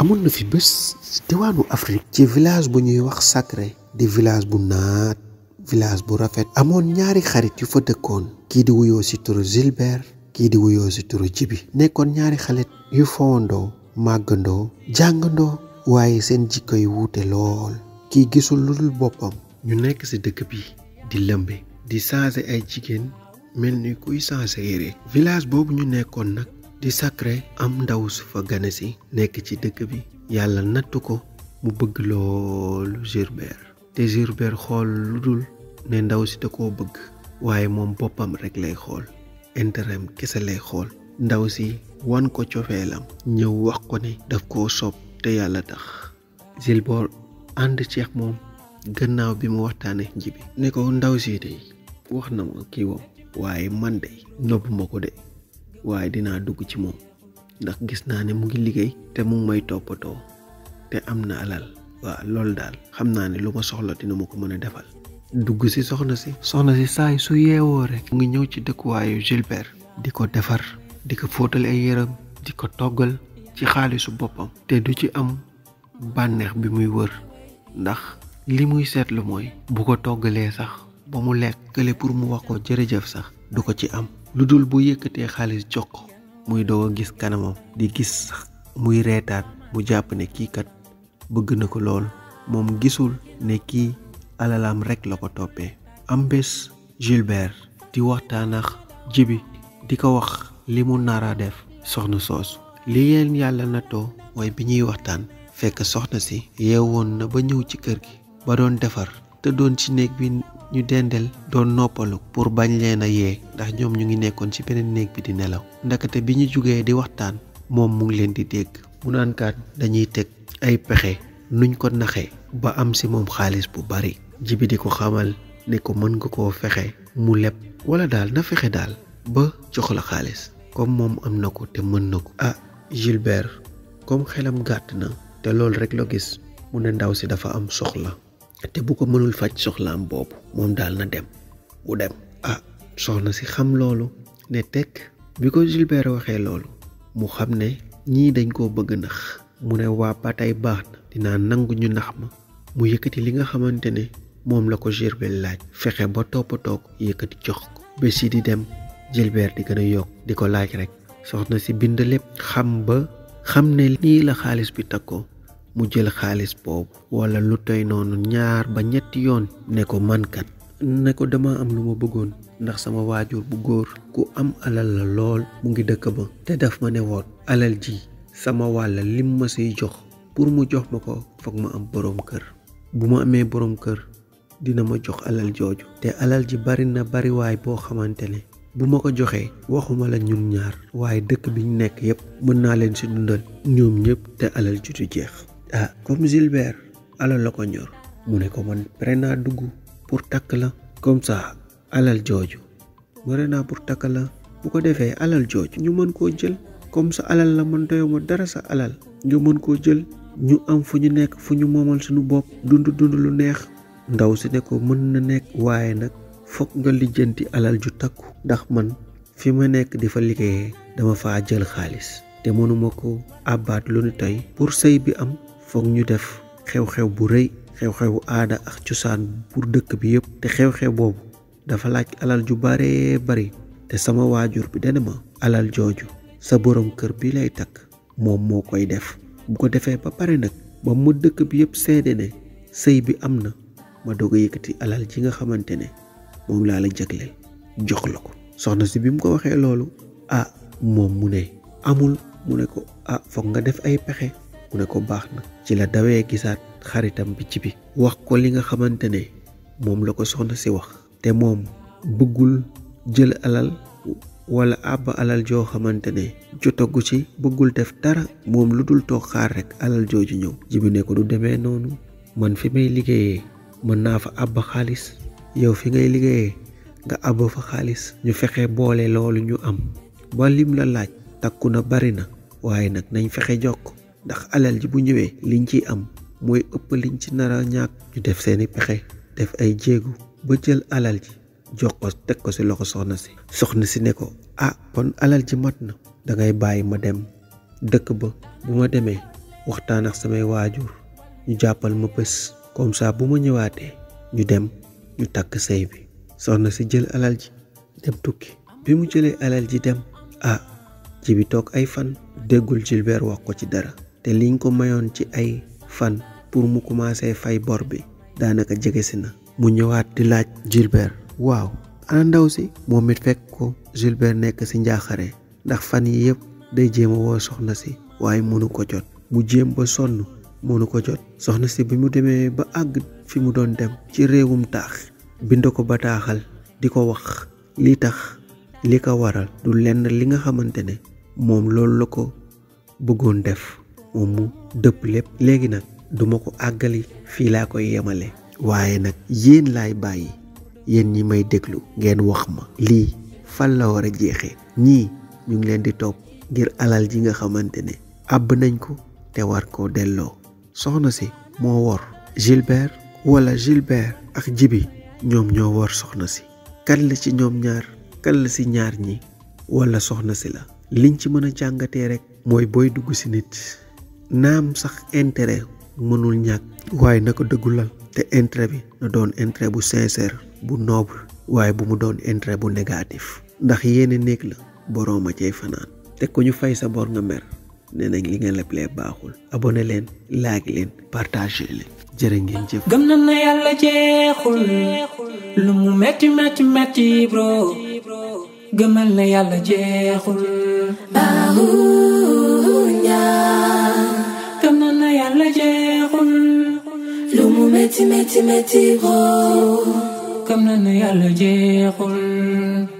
amoon na fi bés diwaanu Afrique ci village bu ñuy wax Sacré di village bu naat village bu rafet amoon ñaari xarit yu fa dëkkoon kii di wuyoo si turu Gilbert kii di wuyoo si turu Jibi nekkoon ñaari xarit yu fowandoo màggandoo jàngandoo waaye seen jikko yi wuute lool kii gisul lu dul boppam ñu nekk si dëkk bi di lëmbe di changé ay jigéen mel ni kuy changé yére village boobu ñu nekkoon nag di Sacré am ndaw su fa gane si nekk ci dëkk bi yàlla nattu ko mu bëgg loolu Gerbert te Gerbert xool lu dul ne ndaw si da koo bëgg waaye moom boppam rek lay xool intérêt kese lay xool ndaw si wan ko cofeelam ñëw wax ko ne daf koo sob te yàlla tax Gilbert ànd ceex moom gannaaw bi mu waxtaanee njibi ne ko ndaw si de wax na ma kii wam waaye man de nopp ma ko de waaye dinaa dugg ci moom ndax gis naa ne mu ngi liggéey te mu ngi may toppatoo te am na alal waaw loolu daal xam naa ne lu ma soxla dina ma ko mën a defal. dugg si soxna si. soxna si saay su yeewoo rek. ngi ñëw ci dëkkuwaayu Gilbert. di ko defar di ko fóotale ay yaram di ko toggal ci xaalisu boppam. te du ci am bànneex bi muy wër ndax li muy seetlu mooy. bu ko toggalee sax ba mu lekk. kële pour mu wax ko jërëjëf sax du ko ci am. lu dul bu yëkkatee xaalis jox muy doog a gis kanamam di gis sax muy reetaan mu jàpp ne kii kat bëgg na ko lool moom gisul ne kii alalam rekk la ko toppee am bés Gilbert di waxtaan ak Jibi di ko wax li mu nara def soxna soosu li yéen yàlla too mooy bi ñuy waxtaan fekk soxna si yeewoon na ba ñëw ci kër gi ba doon defar te ci néeg bi ñu dendeel doon noppalu pour bañ leen a yee ndax ñoom ñu ngi nekkoon ci beneen néeg bi di nelaw ndakate bi ñu jógee di waxtaan moom mu ngi leen di dégg mu naan dañuy teg ay pexe nuñ ko naxee ba am si moom xaalis bu bari jibi di ko xamal ne ko mën nga koo fexe mu leb wala daal na fexe daal ba jox la xaalis comme moom am na ko te mën na ko ah Gilbert comme xelam gàtt na te loolu rek la gis mu ne ndaw si dafa am soxla te bu ko mënul faj soxlaam boobu moom daal na dem bu dem ah soxna si xam loolu ne teg bi ko Gilbert waxee loolu mu xam ne ñii dañ koo bëgg nax mu ne waa ba tey baax na dinaa nangu ñu ndax ma mu yëkkati li nga xamante ne moom la ko Gilbert laaj fexe ba toppatoo ko yëkkati jox ko bés yi di dem Gilbert di gën a yokk di ko laaj rek soxna si bind lépp xam ba xam ne nii la xaalis bi takkoo mu jël xaalis boobu wala lu tey noonu ñaar ba ñetti yoon ne ko mankat ne ko dama am lu ma bëggoon ndax sama waajur bu góor ku am alal la lool mu ngi dëkk ba te daf ma ne woon alal ji sama wàlla lim ma say jox pour mu jox ma ko foog ma am borom kër bu ma amee borom kër dina ma jox alal jooju te alal ji bari na bariwaay boo xamante ne bu ma ko joxee waxuma la ñun ñaar waaye dëkk bi ñu nekk yépp mën naa leen ci dundal ñoom ñépp te alal ju du jeex ah comme Gilbert alal la ko ñor mu ne ko man prena naa pour takk comme ça alal jooju pare naa pour takk la bu ko defee alal jooju ñu mën koo jël comme sa alal la man doyuma dara sa alal ñu mën koo jël ñu am fu ñu nekk fu ñu moomal suñu bopp dund dund lu neex ndaw si ne ko mën na nekk waaye nag foog nga lijjanti alal ju takku ndax man fi ma nekk di fa liggéeyee dama faa jël xaalis te mënuma ko àbbaat lu tey pour bi am fogg ñu def xew-xew bu rëy xew xew aada ak cosaan pour dëkk bi yëpp te xew-xew boobu dafa laaj alal ju bare bari te sama waajur bi dene ma alal jooju sa borom kër bi lay takk moom moo koy def bu ko defee ba pare nag ba mu dëkk bi yëpp seede ne sëy bi am na ma doog a yëkkati alal ji nga xamante ne moom laa la jagleel jox la ko soxna si bi ko waxee loolu ah moom mu ne amul mu ne ko ah foog nga def ay pexe mu ne ko baax na ci la dawee gisaat xaritam bi ci bi wax ko li nga xamante ne moom la ko soxna si wax te moom bëggul jël alal wala àbb alal joo xamante ne jotagu ci bëggul def dara moom lu dul toog xaar rek alal jooju ñëw jibi ne ko du demee noonu man fi may liggéeye mën naa fa àbb xaalis yow fi ngay liggéeyee nga àbb fa xaalis ñu fexe boole loolu ñu am ba lim la laaj takku na bari na waaye nag nañ fexe jokk ndax alal ji bu ñëwee liñ ciy am mooy ëpp liñ ci nar a ñàkk ñu def seeni pexe def ay jéego ba jël alal ji jox ko teg ko si loxo soxna si soxna si ne ko ah kon alal ji mat na dangay bàyyi ma dem dëkk ba bu ma demee waxtaan ak samay waajur ñu jàppal ma bés comme ça bu ma ñëwaatee ñu dem ñu takk sëy bi soxna si jël alal ji dem tukki bi mu jëlee alal ji dem ah ji toog ay fan déggul Gilbert wax ko ci dara te li liñ ko mayoon ci ay fan pour mu commencé fay bor bi daanaka jege si na mu ñëwaat di laaj Gilbert waaw ana ndaw si moom it fekk ko Gilbert nekk ci njaaxare ndax fan yi yëpp day jéem a woo soxna si waaye mënu ko jot mu jéem ba sonn mënu ko jot soxna si bi mu demee ba àgg fi mu doon dem ci réewum taax bind ko bataaxal di ko wax li tax li ko waral du lenn li nga xamante ne moom loolu la ko bëggoon def Umu depp lepp léegi nak duma ko agali fi la koy yemalé wayé nak yeen lay bayyi yeen ñi may déglu ngeen wax ma li fal la wara jéxé ñi ñu ngi leen di top ngir alal ji nga xamante ab nañ ko té war ko dello soxna si mo wor Gilbert wala Gilbert ak Jibi ñom ñoo wor soxna si kan la ci ñom ñaar kan la ci ñaar ñi wala soxna si la liñ ci mëna jangaté rek moy boy dugg ci nit naam sax intérêt mënul ñàkk waaye na ko dëggulal te intérêt bi na doon intérêt bu sincère bu noble waaye bu mu doon intérêt bu négatif ndax yéene néeg la boroom a cay fanaan te ko ñu fay sa bor nga mer nee nañ li nga leblee baaxul abonné leen laaj leen partage leen jërë ngeen jëf gëm na na Mati comme le nez à le